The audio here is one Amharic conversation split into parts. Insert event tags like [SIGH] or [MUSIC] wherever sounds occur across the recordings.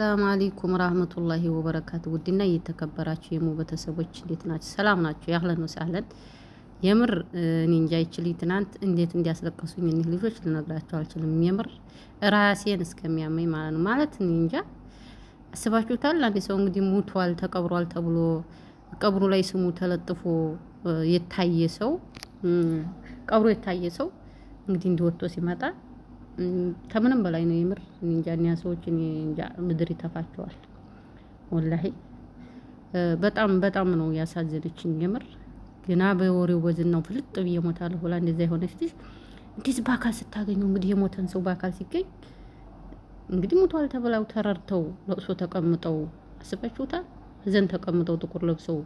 ሰላም አለይኩም ራህመቱላሂ ወበረካቱ። ውድና እየተከበራችሁ የሙ ቤተሰቦች እንዴት ናቸው? ሰላም ናቸው? ያህለን ወሳለን። የምር እኔ እንጃ ይችል ትናንት እንዴት እንዲያስለቀሱኝ እኒህ ልጆች ልነግራቸው አልችልም። የምር ራሴን እስከሚያመኝ ማለት ነው። ማለት እኔ እንጃ አስባችሁታል? አንድ ሰው እንግዲህ ሙቷል ተቀብሯል ተብሎ ቀብሩ ላይ ስሙ ተለጥፎ የታየ ሰው ቀብሩ የታየ ሰው እንግዲህ እንዲወጥቶ ሲመጣ ከምንም በላይ ነው የምር እንጃ እኒያ ሰዎች እንጃ ምድር ይተፋቸዋል። ወላሂ በጣም በጣም ነው ያሳዘነችኝ የምር ግና በወሬው ነው ፍልጥ ብዬ እሞታለሁ ብላ እንደዛ የሆነች ልጅ እንዴት በአካል ስታገኘው እንግዲህ የሞተን ሰው በአካል ሲገኝ እንግዲህ ሙቷል ተብላው ተረድተው ለቅሶ ተቀምጠው አስባችሁታል። እዘን ተቀምጠው ጥቁር ለብሰው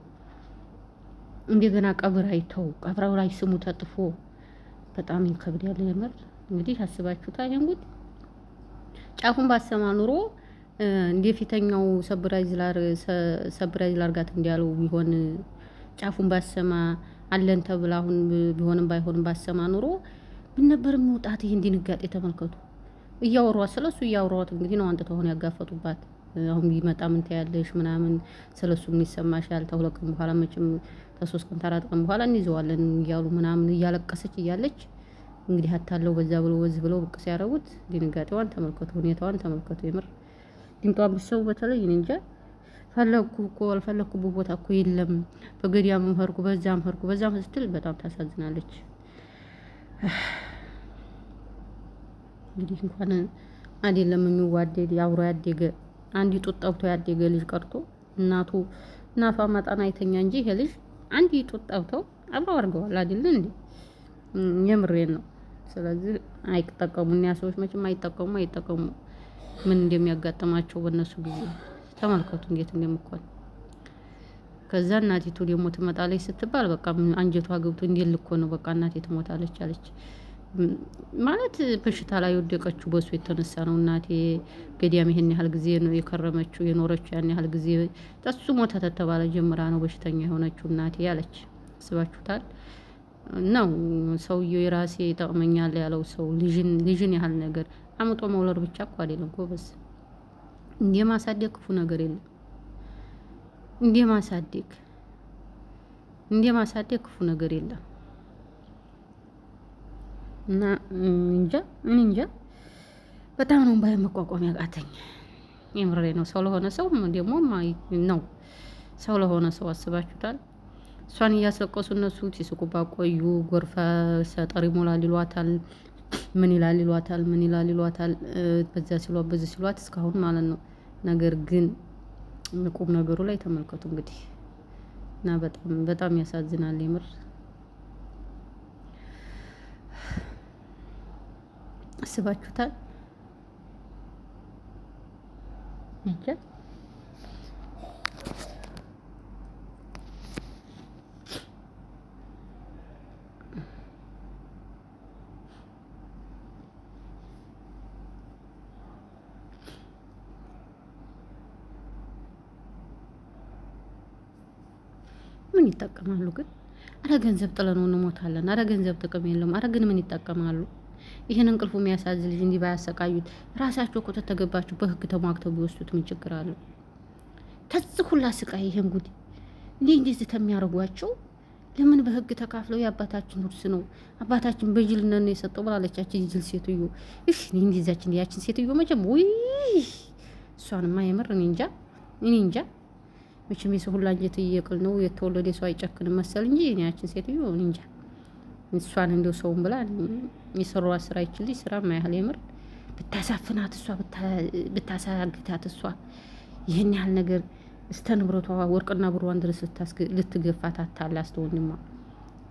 እንደገና ቀብር አይተው ቀብራው ላይ ስሙ ተጥፎ በጣም ይከብዳል የምር። እንግዲህ አስባችሁታል። እንግዲህ ጫፉን ባሰማ ኑሮ እንደ ፊተኛው ሰብራይዝ ላር ሰብራይዝ ላርጋት እንዲያለው ቢሆን ጫፉን ባሰማ አለን ተብለ አሁን ቢሆንም ባይሆንም ባሰማ ኑሮ ምን ነበር መውጣት። ይሄን ድንጋጤ ተመልከቱ። እያወሯት ስለሱ እያወሯት እንግዲህ ነው አንተ ተሆነ ያጋፈጡባት። አሁን ቢመጣ ምን ታያለሽ ምናምን ስለሱ ምን ይሰማሻል? ተሁለት ቀን በኋላ መቼም ተሶስት ቀን ተአራት በኋላ እንይዘዋለን እያሉ ምናምን እያለቀሰች እያለች እንግዲህ አታለው በዛ ብሎ ወዝ ብሎ ብቅ ሲያረጉት ድንጋጤዋን ተመልከቱ፣ ሁኔታዋን ተመልከቱ። የምር ድንጧን ብሰው በተለይ እኔ እንጃ ፈለግኩ እኮ አልፈለግኩበት ቦታ እኮ የለም በገዲያም ምህርኩ በዛም ምህርኩ በዛም ስትል በጣም ታሳዝናለች። እንግዲህ እንኳን አይደለም የሚዋደድ አብሮ ያደገ አንድ ጡት ጠብቶ ያደገ ልጅ ቀርቶ እናቱ እናቷ ማጣና አይተኛ እንጂ ይሄ ልጅ አንድ ጡት ጠብተው አብረው አድርገዋል አይደል እንዴ? የምሬን ነው። ስለዚህ አይጠቀሙ እኒያ ሰዎች መቼም አይጠቀሙ አይጠቀሙ ምን እንደሚያጋጥማቸው በእነሱ ጊዜ ተመልከቱ እንዴት እንደምኮን። ከዛ እናቲቱ ደግሞ ትመጣለች ስትባል በቃ አንጀቷ ገብቶ እንዴት ልኮ ነው በቃ እናቴ ትሞታለች አለች። ማለት በሽታ ላይ የወደቀችው በሱ የተነሳ ነው። እናቴ ገዳም ይሄን ያህል ጊዜ ነው የከረመችው የኖረችው ያን ያህል ጊዜ ጠሱ ሞታ ተተባለ ጀምራ ነው በሽተኛ የሆነችው እናቴ አለች። አስባችሁታል? ነው ሰውየው የራሴ ይጠቅመኛል ያለው ሰው ልጅን ያህል ነገር አምጦ መውለድ ብቻ እኮ አይደለም ጎበዝ። እንዲህ ማሳደግ ክፉ ነገር የለም። እንዲህ ማሳደግ እንዲህ ማሳደግ ክፉ ነገር የለም። እና እንጃ እኔ እንጃ በጣም ነው ባይ መቋቋም ያቃተኝ። የምሬ ነው። ሰው ለሆነ ሰው ደግሞ ነው ሰው ለሆነ ሰው አስባችሁታል። እሷን እያስለቀሱ እነሱ ሲስቁባት ቆዩ። ጎርፈ ሰጠር ይሞላል ይሏታል፣ ምን ይላል ይሏታል፣ ምን ይላል ይሏታል። በዚያ ሲሏት በዚህ ሲሏት እስካሁን ማለት ነው። ነገር ግን ቁም ነገሩ ላይ ተመልከቱ እንግዲህ እና በጣም በጣም ያሳዝናል የምር አስባችሁታል? ይጠቀማሉ ግን? አረ ገንዘብ ጥለን እንሞታለን። አረ ገንዘብ ጥቅም የለውም። አረ ግን ምን ይጠቀማሉ? ይህን እንቅልፉ የሚያሳዝ ልጅ እንዲህ ባያሰቃዩት። ራሳቸው እኮ ተተገባችሁ በህግ ተሟግተው ቢወስዱት ምን ችግር አለው? ከዚህ ሁላ ስቃይ ይህን ጉድ እንዲህ እንዲህ ተሚያደርጓቸው ለምን በህግ ተካፍለው የአባታችን ውርስ ነው አባታችን በጅልነት ነው የሰጠው ብላለቻችን ጅል ሴትዮ። እሺ እንዲዛችን ያችን ሴትዮ መቼም ውይ እሷንማ የምር እኔ እንጃ እኔ እንጃ መቼም የሰው ሁላ እንጀት እየቅል ነው የተወለደ ሰው አይጨክንም መሰል እንጂ እኔ ያችን ሴትዮ እንጃ እሷን እንደው ሰውን ብላ የሰሯ ስራ ይችል ስራ ማያህል የምር ብታሳፍናት እሷ ብታሳግታት እሷ ይህን ያህል ነገር እስተ ንብረቷ ወርቅና ብሯን ድረስ ልትገፋት አታላ አስተወንድማ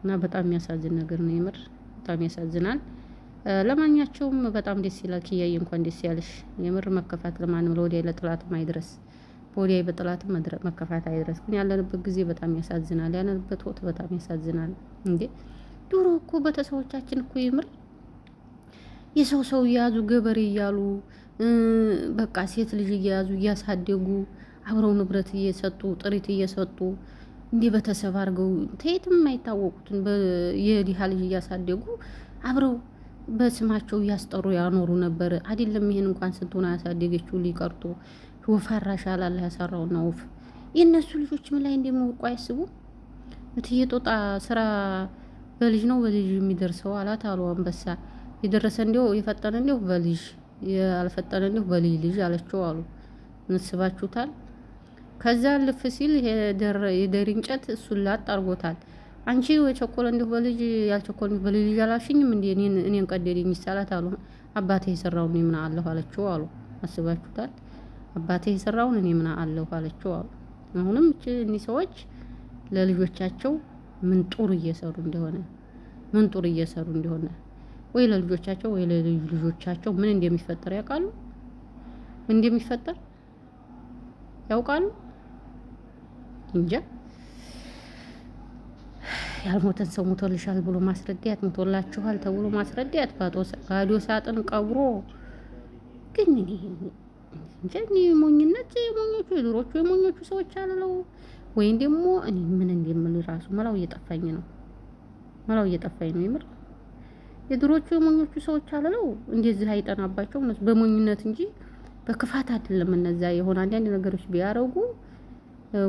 እና በጣም የሚያሳዝን ነገር ነው የምር በጣም ያሳዝናል። ለማንኛቸውም በጣም ደስ ይላል። ኪያዬ እንኳን ደስ ያለሽ የምር መከፋት ለማንም ለወዲያ ለጥላትም አይድረስ። በወዲያ በጠላት መከፋት አይድረስ። ግን ያለንበት ጊዜ በጣም ያሳዝናል። ያለንበት ወቅት በጣም ያሳዝናል። እንዴ ድሮ እኮ ቤተሰቦቻችን እኮ ይምር የሰው ሰው እያያዙ ገበሬ እያሉ በቃ ሴት ልጅ እየያዙ እያሳደጉ አብረው ንብረት እየሰጡ ጥሪት እየሰጡ እንዲህ ቤተሰብ አድርገው ተየትም የማይታወቁትን የድሃ ልጅ እያሳደጉ አብረው በስማቸው እያስጠሩ ያኖሩ ነበር አይደለም። ይሄን እንኳን ስንቱን ያሳደገችው ሊቀርቶ ወፈራሽ አላለ ያሰራውና ውፍ የእነሱ ልጆችም ላይ እንደሚወቁ አያስቡ እትዬ ጦጣ ስራ በልጅ ነው በልጅ የሚደርሰው አላት አሉ አንበሳ። የደረሰ እንዲሁ የፈጠነ እንዲሁ በልጅ ያልፈጠነ እንዲሁ በልጅ ልጅ አለችው አሉ። ምስባችሁታል። ከዛ ልፍ ሲል የደር እንጨት እሱን ላጥ አርጎታል። አንቺ የቸኮለ እንዲሁ በልጅ ያልቸኮለ እንዲሁ በልጅ ልጅ አላልሽኝም እንዲ እኔን ቀደድ ይሳላት አሉ። አባቴ የሰራውን ምን አለሁ አለችው አሉ። አስባችሁታል። አባቴ የሰራውን እኔ ምን አለሁ አለችው አሉ። አሁንም እኒህ ሰዎች ለልጆቻቸው ምን ጡር እየሰሩ እንደሆነ ምን ጡር እየሰሩ እንደሆነ ወይ ለልጆቻቸው ወይ ለልጆቻቸው ልጆቻቸው ምን እንደሚፈጠር ያውቃሉ? ምን እንደሚፈጠር ያውቃሉ? እንጃ። ያልሞተን ሰው ሞቶልሻል ብሎ ማስረዳት፣ ሞቶላችኋል ተብሎ ማስረዳት፣ ባዶ ሳጥን ቀብሮ ግን እንጂ ሞኝነት የሞኞቹ የድሮቹ የሞኞቹ ሰዎች አለው ወይም ደግሞ እኔ ምን እንደምል ራሱ መላው እየጠፋኝ ነው። መላው እየጠፋኝ ነው የምር የድሮቹ የሞኞቹ ሰዎች አለው እንደዚህ አይጠናባቸው እነሱ በሞኝነት እንጂ በክፋት አይደለም። እነዛ የሆነ አንዳንድ ነገሮች ቢያረጉ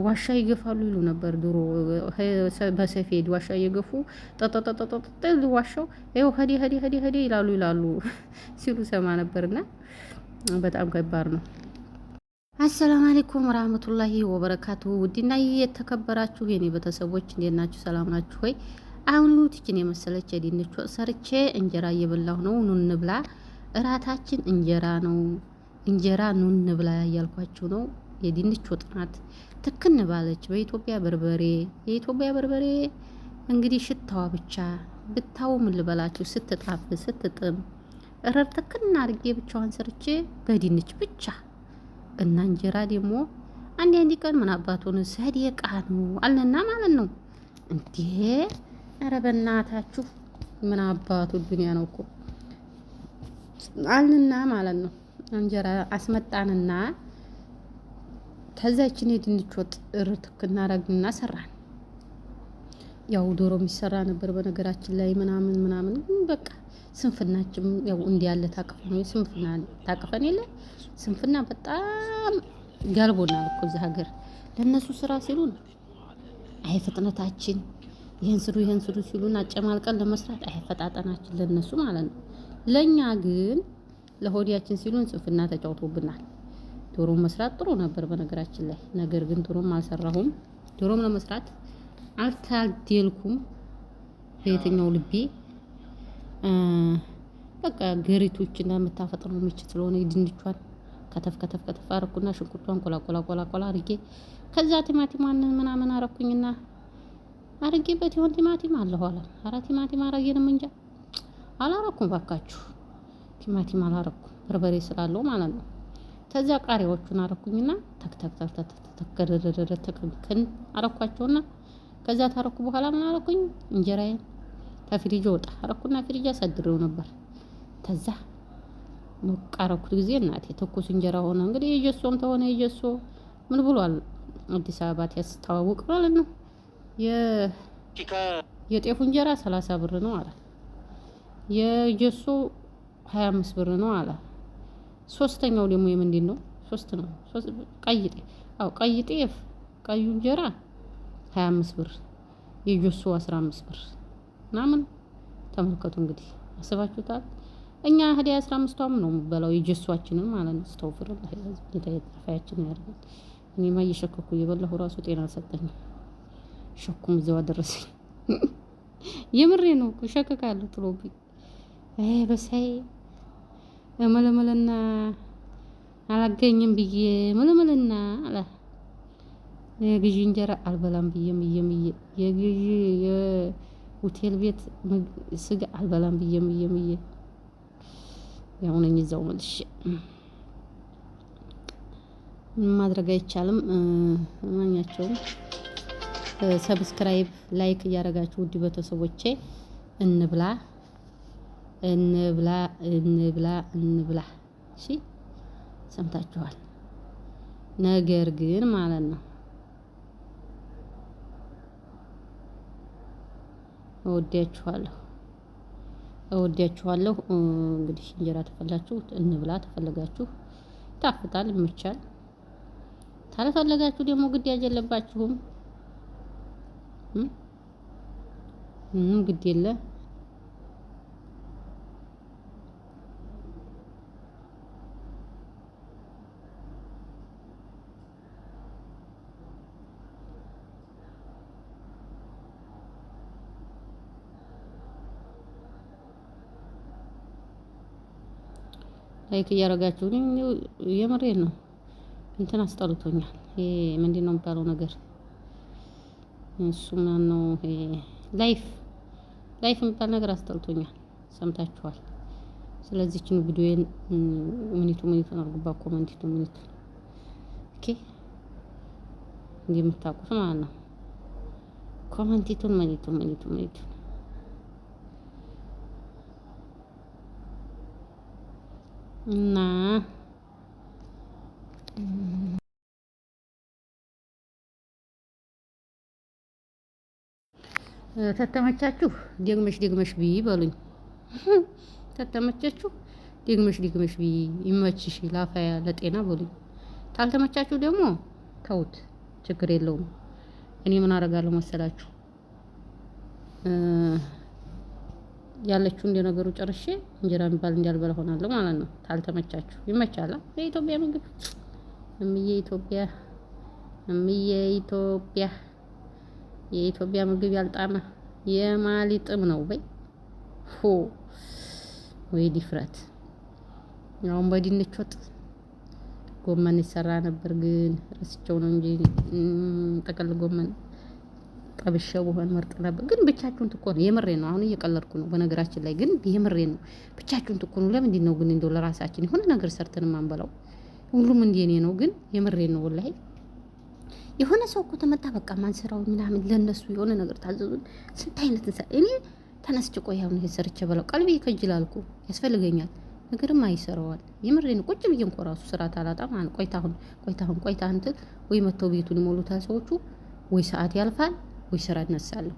ዋሻ ይገፋሉ ይሉ ነበር ድሮ በሰፌድ ዋሻ እየገፉ ጠጠጠጠጠጠ ዋሻው ይኸው ሄዴ ሄዴ ሄዴ ሄዴ ይላሉ ይላሉ ሲሉ ሰማ ነበርና በጣም ከባድ ነው። አሰላም አለይኩም ወራህመቱላሂ ወበረካቱ። ውድና የተከበራችሁ የኔ ቤተሰቦች እንዴት ናችሁ? ሰላም ናችሁ ሆይ? አሁን ኑትችን የመሰለች የዲንች ወጥ ሰርቼ እንጀራ እየበላሁ ነው። ኑን ብላ እራታችን እንጀራ ነው እንጀራ ኑን ብላ እያልኳችሁ ነው። የድንች ወጥ ናት ትክን ባለች በኢትዮጵያ በርበሬ የኢትዮጵያ በርበሬ እንግዲህ ሽታዋ ብቻ ብታው ምን ልበላችሁ ስትጣፍ ስትጥም ረርተክና አድርጌ ብቻዋን ሰርቼ በድንች ብቻ እና እንጀራ ደግሞ አንድ አንድ ቀን ምን አባቱን ሰደቃ ነው አለና ማለት ነው እንዴ! ኧረ በእናታችሁ ምን አባቱ ዱንያ ነው እኮ አልንና ማለት ነው። እንጀራ አስመጣንና ከዛችን የድንች ወጥ ርትክ እናረግና ሰራን። ያው ዶሮ የሚሰራ ነበር በነገራችን ላይ ምናምን ምናምን፣ ግን በቃ ስንፍናችም ያው እንዲህ ያለ ታቅፈን ስንፍና ታቅፈን የለ ስንፍና በጣም ገልቦናል እኮ እዚህ ሀገር። ለእነሱ ስራ ሲሉን አይ ፍጥነታችን ይህን ስሩ ይህን ስሩ ሲሉን አጨማልቀን ለመስራት አይፈጣጠናችን ለእነሱ ማለት ነው። ለእኛ ግን ለሆዲያችን ሲሉን ስንፍና ተጫውቶብናል። ዶሮ መስራት ጥሩ ነበር በነገራችን ላይ ነገር ግን ዶሮም አልሰራሁም። ዶሮም ለመስራት አልታደልኩም በየትኛው ልቤ በቃ ገሪቶችን የምታፈጥነው ምች ስለሆነ ድንቿን ከተፍ ከተፍ ከተፍ አረኩና ሽንኩርቷን ቆላ ቆላ ቆላ አርጌ ከዛ ቲማቲሟን ምናምን አረኩኝና አርጌበት ይሆን ቲማቲም አለሁ አረ ቲማቲም አረጌንም እንጃ አላረኩም ባካችሁ ቲማቲም አላረኩም በርበሬ ስላለው ማለት ነው። ተዚያ ቃሪያዎቹን አረኩኝና አረኳቸውና? ከዛ ታረኩ በኋላ ምን አረኩኝ? እንጀራዬን ከፍሪጅ ወጣ አረኩና ፍሪጅ አሳድሬው ነበር። ተዛ ሞቅ አረኩት ጊዜ እናቴ ትኩስ እንጀራ ሆነ። እንግዲህ የጀሶም ተሆነ የጀሶ ምን ብሏል አዲስ አበባ ያስተዋውቅ ማለት ነው። የጤፉ እንጀራ ሰላሳ ብር ነው አለ። የጀሶ ሀያ አምስት ብር ነው አለ። ሶስተኛው ደግሞ የምንድን ነው? ሶስት ነው ቀይጤ። አዎ ቀይጤፍ ቀዩ እንጀራ ሀያ አምስት ብር የጆሶ አስራ አምስት ብር ምናምን ተመልከቱ እንግዲህ አስባችሁታል። እኛ ሀዲያ አስራ አምስቷም ነው የምበላው የጀሷችንን ማለት ነው። ስተውፍር ጌታ የጠፋያችን ያደርጋል። እኔማ እየሸከኩ እየበላሁ ራሱ ጤና ሰጠኝ፣ ሸኩም እዚያው አደረሰኝ። [LAUGHS] የምሬ ነው እኮ ሸከካለሁ ጥሎብኝ። አይ በሳይ መለመለና አላገኝም ብዬ መለመለና አላ የግዢ እንጀራ አልበላም ብዬም እየም የግዢ የሆቴል ቤት ስጋ አልበላም ብዬም እየም እየ ያው ነኝ እዛው መልሼ ማድረግ አይቻልም። ማኛቸውም ሰብስክራይብ ላይክ እያደረጋችሁ ውድ ቤተሰቦቼ እንብላ እንብላ እንብላ እንብላ። እሺ ሰምታችኋል። ነገር ግን ማለት ነው እወዳችኋለሁ እወዳችኋለሁ እንግዲህ እንጀራ ተፈላችሁ እንብላ ተፈለጋችሁ ይጣፍጣል ይመቻል። ታለፈለጋችሁ ደግሞ ግዳጅ የለባችሁም። ምንም ግድ የለ ላይክ እያደረጋችሁ የምሬን ነው። እንትን አስጠልቶኛል። ምንድን ነው የሚባለው ነገር እሱ ምናምን ነው ላይፍ ላይፍ የሚባል ነገር አስጠልቶኛል። ሰምታችኋል። ስለዚህችን ቪዲዮን ምኒቱ ምኒቱን አድርጉባት፣ ኮመንቲቱ ምኒቱ ኦኬ፣ እንደምታውቁት ማለት ነው። ኮመንቲቱን ምኒቱ ምኒቱ ምኒቱ እና eh, ተተመቻችሁ ደግመሽ ደግመሽ ብይ በሉኝ። [LAUGHS] ተተመቻችሁ ደግመሽ ደግመሽ ቢ ይመችሽ፣ ላፋያ ለጤና በሉኝ። ታልተመቻችሁ ደግሞ ተውት፣ ችግር የለውም። እኔ ምን አደርጋለሁ መሰላችሁ ያለችው እንደ ነገሩ ጨርሼ እንጀራ የሚባል እንዳልበላ ሆናለሁ ማለት ነው። ታልተመቻችሁ ይመቻላ። የኢትዮጵያ ምግብ እምዬ ኢትዮጵያ እምዬ ኢትዮጵያ የኢትዮጵያ ምግብ ያልጣመ የማሊ ጥም ነው በይ ሆ ወይ ዲፍረት። አሁን በድንች ወጥ ጎመን ይሰራ ነበር፣ ግን ረስቸው ነው እንጂ ጥቅል ጎመን ጠብሼ በሆን ምርጥ ነበር። ግን ብቻችሁን ትኮኑ የምሬ ነው። አሁን እየቀለድኩ ነው በነገራችን ላይ ግን የምሬ ነው። ብቻችሁን ትኮኑ ለምንድን ነው ግን እንደው ለራሳችን የሆነ ነገር ሰርተን ማንበላው? ሁሉም እኔ ነው። ግን የምሬ ነው ወላሂ የሆነ ሰው እኮ ተመጣ በቃ ማን ማንሰራው ምናምን ለነሱ የሆነ ነገር ታዘዙን። ስንት አይነት እንሰራ እኔ ተነስቼ ቆይ አሁን ይሄን ሰርቼ በለው ቀልቤ ይከጅላልኩ ያስፈልገኛል። ነገርም አይሰራዋል። የምሬን ቁጭ ብዬ እንኳ ራሱ ስራ ታላጣም ቆይታሁን ቆይታሁን ቆይታ እንትን ወይ መተው ቤቱን ይሞሉታል ሰዎቹ ወይ ሰዓት ያልፋል ወይ ስራ እነሳለሁ።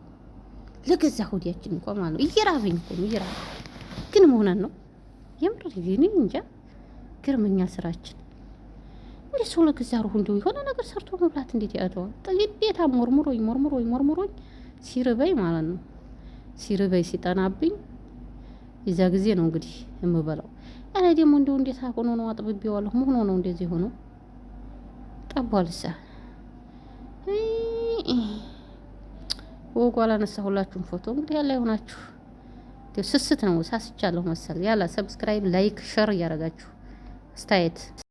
ለገዛ ሆዲያችን እንኳ ማለት ነው። እየራበኝ እኮ ነው እየራበኝ ግን መሆናን ነው የምር ግን እንጃ ገርመኛል። ስራችን እንዴ ሰው ለገዛ ሩሁ እንዲሁ የሆነ ነገር ሰርቶ መብላት እንዴት ያተዋል? ግዴታ ሞርሙሮኝ ሞርሙሮኝ ሞርሙሮኝ ሲርበኝ ማለት ነው ሲርበኝ ሲጠናብኝ የዛ ጊዜ ነው እንግዲህ የምበላው። እኔ ደግሞ እንዲሁ እንዴት ሆኖ ነው አጥብቤዋለሁ መሆኖ ነው እንደዚህ ሆኖ ጠቧልሳ ወጉ አላነሳሁላችሁም ፎቶ እንግዲህ ያለ ይሆናችሁ ስስት ነው። ሳስቻለሁ መሰል ያላ ሰብስክራይብ፣ ላይክ፣ ሸር እያደረጋችሁ አስተያየት